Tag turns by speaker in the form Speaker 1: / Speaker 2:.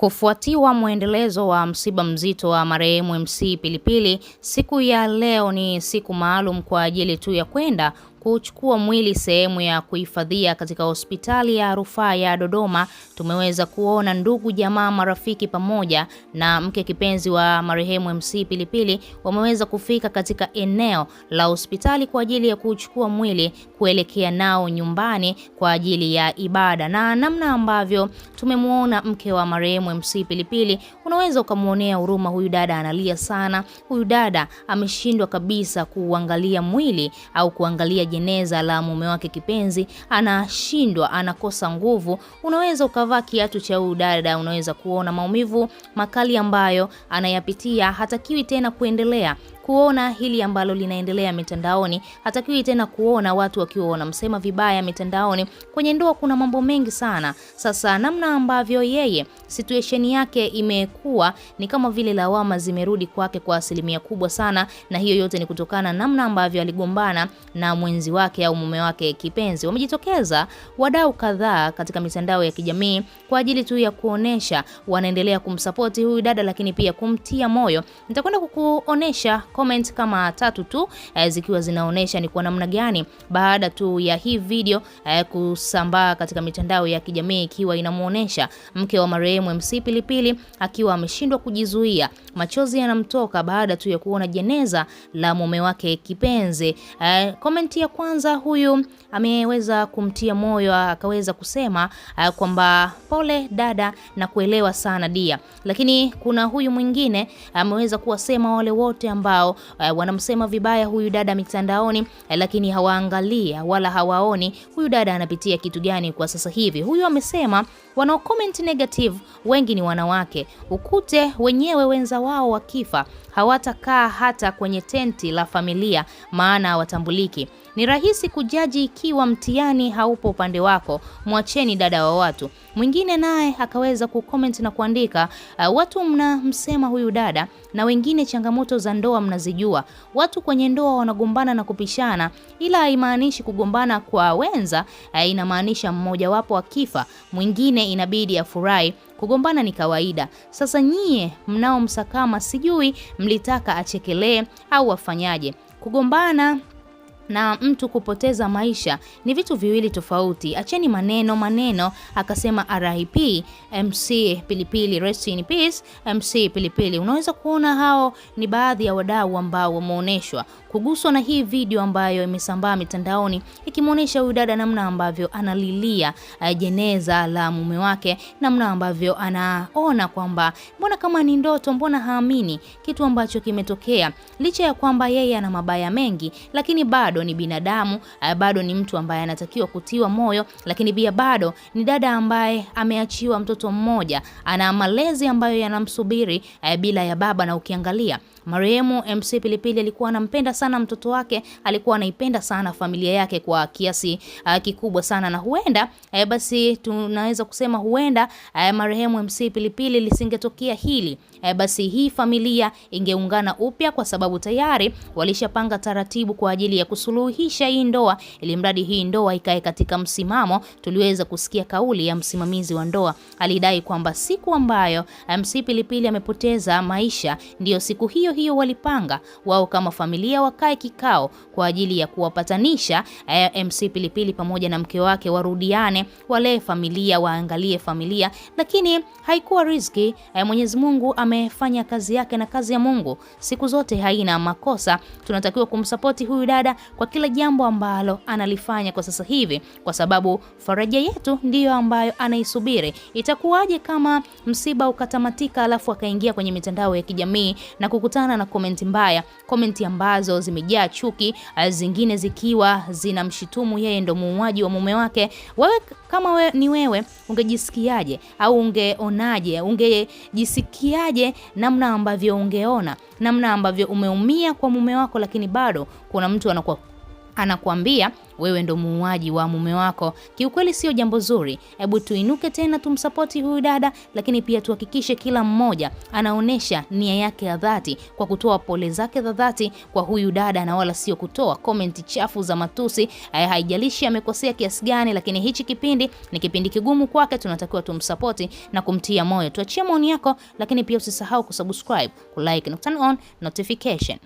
Speaker 1: Kufuatiwa mwendelezo wa msiba mzito wa marehemu MC Pilipili, siku ya leo ni siku maalum kwa ajili tu ya kwenda kuchukua mwili sehemu ya kuhifadhia katika hospitali ya rufaa ya Dodoma, tumeweza kuona ndugu, jamaa, marafiki pamoja na mke kipenzi wa marehemu MC Pilipili wameweza kufika katika eneo la hospitali kwa ajili ya kuchukua mwili kuelekea nao nyumbani kwa ajili ya ibada, na namna ambavyo tumemwona mke wa marehemu MC Pilipili, unaweza ukamwonea huruma huyu dada, analia sana. Huyu dada ameshindwa kabisa kuangalia mwili au kuangalia jeneza la mume wake kipenzi, anashindwa, anakosa nguvu. Unaweza ukavaa kiatu cha huyu dada, unaweza kuona maumivu makali ambayo anayapitia, hatakiwi tena kuendelea kuona hili ambalo linaendelea mitandaoni. Hatakiwi tena kuona watu wakiwa wanamsema vibaya mitandaoni. Kwenye ndoa kuna mambo mengi sana. Sasa namna ambavyo yeye situation yake imekuwa ni kama vile lawama zimerudi kwake kwa asilimia kubwa sana, na hiyo yote ni kutokana namna ambavyo aligombana na mwenzi wake au mume wake kipenzi. Wamejitokeza wadau kadhaa katika mitandao ya kijamii kwa ajili tu ya kuonesha wanaendelea kumsapoti huyu dada, lakini pia kumtia moyo. Nitakwenda kukuonesha comment kama tatu tu eh, zikiwa zinaonesha ni kwa namna gani baada tu ya hii video eh, kusambaa katika mitandao ya kijamii ikiwa inamuonesha mke wa marehemu MC Pilipili akiwa ameshindwa kujizuia, machozi yanamtoka baada tu ya kuona jeneza la mume wake kipenzi. Eh, comment ya kwanza huyu ameweza kumtia moyo akaweza kusema eh, kwamba pole dada na kuelewa sana dia, lakini kuna huyu mwingine ameweza kuwasema wale wote ambao ambao uh, eh, wanamsema vibaya huyu dada mitandaoni, eh, lakini hawaangalia wala hawaoni huyu dada anapitia kitu gani kwa sasa hivi. Huyu amesema wanao comment negative wengi ni wanawake, ukute wenyewe wenza wao wakifa hawatakaa hata kwenye tenti la familia, maana hawatambuliki. Ni rahisi kujaji ikiwa mtihani haupo upande wako, mwacheni dada wa watu. Mwingine naye akaweza kucomment na kuandika uh, watu mnamsema huyu dada na wengine changamoto za ndoa mnazijua, watu kwenye ndoa wanagombana na kupishana, ila haimaanishi kugombana kwa wenza eh, inamaanisha mmojawapo akifa mwingine inabidi afurahi. Kugombana ni kawaida. Sasa nyie mnaomsakama, sijui mlitaka achekelee au afanyaje? Kugombana na mtu kupoteza maisha ni vitu viwili tofauti. Acheni maneno maneno, akasema RIP MC Pilipili, rest in peace MC Pilipili. Unaweza kuona hao ni baadhi ya wadau ambao wameoneshwa kuguswa na hii video ambayo imesambaa mitandaoni ikimwonyesha huyu dada namna ambavyo analilia uh, jeneza la mume wake, namna ambavyo anaona kwamba mbona kama ni ndoto, mbona haamini kitu ambacho kimetokea. Licha ya kwamba yeye ana mabaya mengi, lakini bado ni binadamu uh, bado ni mtu ambaye anatakiwa kutiwa moyo, lakini pia bado ni dada ambaye ameachiwa mtoto mmoja, ana malezi ambayo yanamsubiri uh, bila ya baba, na ukiangalia Marehemu MC Pilipili alikuwa anampenda sana mtoto wake, alikuwa anaipenda sana familia yake kwa kiasi uh, kikubwa sana na huenda uh, basi tunaweza kusema huenda uh, marehemu MC Pilipili lisingetokea hili uh, basi hii familia ingeungana upya, kwa sababu tayari walishapanga taratibu kwa ajili ya kusuluhisha hii ndoa, ili mradi hii ndoa ikae katika msimamo. Tuliweza kusikia kauli ya msimamizi wa ndoa, alidai kwamba siku ambayo MC Pilipili amepoteza maisha ndiyo siku hiyo hivyo walipanga wao kama familia wakae kikao kwa ajili ya kuwapatanisha eh, MC Pilipili pamoja na mke wake warudiane, walee familia, waangalie familia, lakini haikuwa riziki. Eh, Mwenyezi Mungu amefanya kazi yake, na kazi ya Mungu siku zote haina makosa. Tunatakiwa kumsapoti huyu dada kwa kila jambo ambalo analifanya kwa sasa hivi, kwa sababu faraja yetu ndiyo ambayo anaisubiri. Itakuwaje kama msiba ukatamatika alafu akaingia kwenye mitandao ya kijamii na kukuta sana na komenti mbaya, komenti ambazo zimejaa chuki, eh, zingine zikiwa zinamshitumu yeye ndo muuaji wa mume wake. Wewe kama we, ni wewe ungejisikiaje au ungeonaje? Ungejisikiaje namna ambavyo ungeona namna ambavyo umeumia kwa mume wako, lakini bado kuna mtu anakuwa anakuambia wewe ndo muuaji wa mume wako, kiukweli sio jambo zuri. Hebu tuinuke tena tumsapoti huyu dada, lakini pia tuhakikishe kila mmoja anaonesha nia yake ya dhati kwa kutoa pole zake za dhati kwa huyu dada, na wala sio kutoa komenti chafu za matusi. Haijalishi amekosea kiasi gani, lakini hichi kipindi ni kipindi kigumu kwake, tunatakiwa tumsapoti na kumtia moyo. Tuachie maoni yako, lakini pia usisahau kusubscribe, kulike na turn on notification.